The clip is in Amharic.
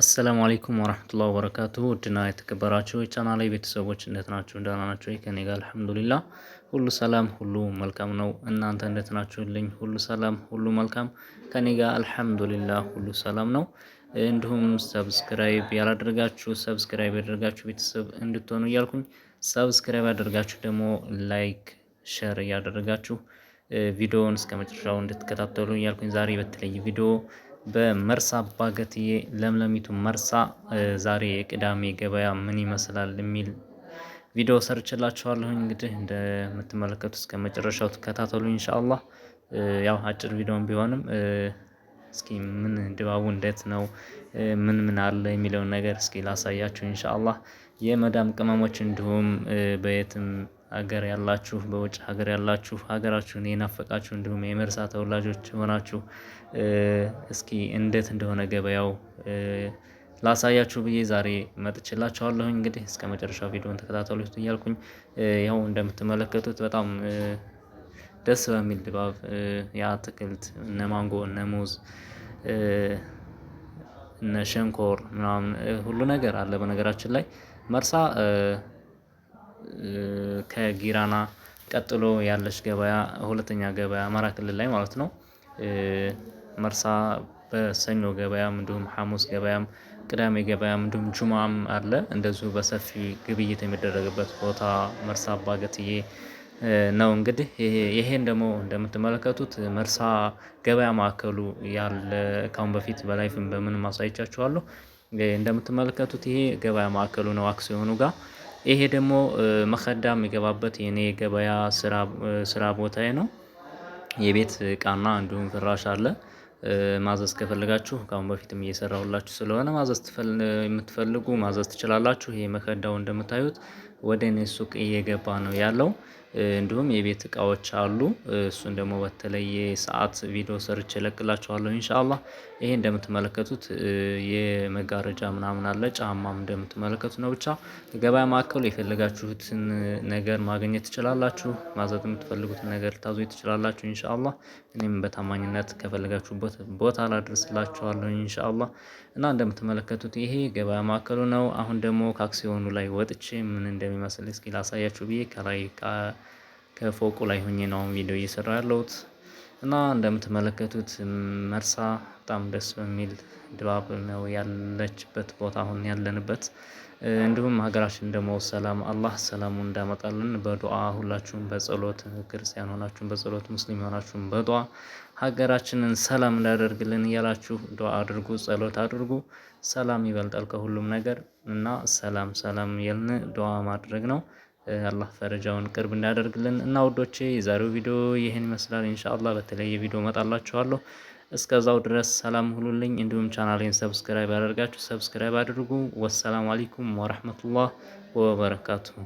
አሰላሙ አለይኩም ወረህመቱላሂ ወበረካቱሁ ውድና የተከበራችሁ ላይ ቤተሰቦች እንዴት ናችሁ? ደህና ናችሁ? ከኔ ጋር አልሐምዱሊላህ ሁሉ ሰላም፣ ሁሉ መልካም ነው። እናንተ እንዴት ናችሁልኝ? ሁሉ ሰላም፣ ሁሉ መልካም ከኔ ጋር አልሐምዱሊላህ ሁሉ ሰላም ነው። እንዲሁም ሰብስክራይብ ያላደረጋችሁ ሰብስክራይብ ያደረጋችሁ ቤተሰብ እንድትሆኑ እያልኩኝ ሰብስክራይብ ያደረጋችሁ ደግሞ ላይክ፣ ሸር እያደረጋችሁ ቪዲዮውን እስከ መጨረሻው እንድትከታተሉ እያልኩኝ ዛሬ በተለይ ቪዲዮ በመርሳ አባገትዬ ለምለሚቱ መርሳ ዛሬ የቅዳሜ ገበያ ምን ይመስላል የሚል ቪዲዮ ሰርችላችኋለሁኝ። እንግዲህ እንደምትመለከቱ እስከ መጨረሻው ትከታተሉ እንሻአላ። ያው አጭር ቪዲዮን ቢሆንም እስኪ ምን ድባቡ እንዴት ነው፣ ምን ምን አለ የሚለውን ነገር እስኪ ላሳያችሁ እንሻአላ። የመዳም ቅመሞች እንዲሁም በየትም ሀገር ያላችሁ በውጭ ሀገር ያላችሁ ሀገራችሁን የናፈቃችሁ እንዲሁም የመርሳ ተወላጆች ሆናችሁ እስኪ እንዴት እንደሆነ ገበያው ላሳያችሁ ብዬ ዛሬ መጥቼላችኋለሁኝ። እንግዲህ እስከ መጨረሻው ቪዲዮን ተከታተሉት እያልኩኝ ያው እንደምትመለከቱት በጣም ደስ በሚል ድባብ የአትክልት እነ ማንጎ እነ ሙዝ እነ ሸንኮር ምናምን ሁሉ ነገር አለ። በነገራችን ላይ መርሳ ከጊራና ቀጥሎ ያለች ገበያ ሁለተኛ ገበያ አማራ ክልል ላይ ማለት ነው። መርሳ በሰኞ ገበያም እንዲሁም ሀሙስ ገበያም ቅዳሜ ገበያም እንዲሁም ጁማም አለ እንደዚሁ በሰፊ ግብይት የሚደረግበት ቦታ መርሳ አባገትዬ ነው። እንግዲህ ይሄን ደግሞ እንደምትመለከቱት መርሳ ገበያ ማዕከሉ ያለ ካሁን በፊት በላይፍም በምን አሳይቻችኋለሁ። እንደምትመለከቱት ይሄ ገበያ ማዕከሉ ነው አክሲዮኑ ጋር ይሄ ደግሞ መከዳ የሚገባበት የኔ የገበያ ስራ ቦታዬ ነው። የቤት እቃና እንዲሁም ፍራሽ አለ። ማዘዝ ከፈልጋችሁ ከአሁን በፊትም እየሰራሁላችሁ ስለሆነ ማዘዝ የምትፈልጉ ማዘዝ ትችላላችሁ። ይሄ መከዳው እንደምታዩት ወደ እኔ ሱቅ እየገባ ነው ያለው እንዲሁም የቤት እቃዎች አሉ። እሱን ደግሞ በተለየ ሰዓት ቪዲዮ ሰርች እለቅላችኋለሁ እንሻላ ይሄ እንደምትመለከቱት የመጋረጃ ምናምን አለ፣ ጫማም እንደምትመለከቱ ነው። ብቻ ገበያ ማዕከሉ የፈለጋችሁትን ነገር ማግኘት ትችላላችሁ። ማዘዝ የምትፈልጉትን ነገር ልታዙ ትችላላችሁ እንሻላ። እኔም በታማኝነት ከፈለጋችሁበት ቦታ ላድርስላችኋለሁ እንሻላ። እና እንደምትመለከቱት ይሄ ገበያ ማዕከሉ ነው። አሁን ደግሞ ከአክሲዮኑ ላይ ወጥቼ ምን እንደሚመስል እስኪ ላሳያችሁ ብዬ ከላይ ከፎቁ ላይ ሆኜ ነው ቪዲዮ እየሰራ ያለሁት እና እንደምትመለከቱት መርሳ በጣም ደስ በሚል ድባብ ነው ያለችበት ቦታ አሁን ያለንበት። እንዲሁም ሀገራችን ደግሞ ሰላም አላህ ሰላሙ እንዳመጣልን በዱዓ ሁላችሁም በጸሎት ክርስቲያን ሆናችሁም በጸሎት ሙስሊም ሆናችሁም በዱዓ ሀገራችንን ሰላም እንዳደርግልን እያላችሁ ዱዓ አድርጉ፣ ጸሎት አድርጉ። ሰላም ይበልጣል ከሁሉም ነገር እና ሰላም ሰላም የልን ዱዓ ማድረግ ነው። አላህ ፈረጃውን ቅርብ እንዳደርግልን እና ውዶቼ የዛሬው ቪዲዮ ይህን ይመስላል። ኢንሻአላህ በተለየ ቪዲዮ እመጣላችኋለሁ። እስከዛው ድረስ ሰላም ሁሉልኝ። እንዲሁም ቻናሌን ሰብስክራይብ ያደርጋችሁ ሰብስክራይብ አድርጉ። ወሰላሙ አለይኩም ወረህመቱላህ ወበረካቱሁ።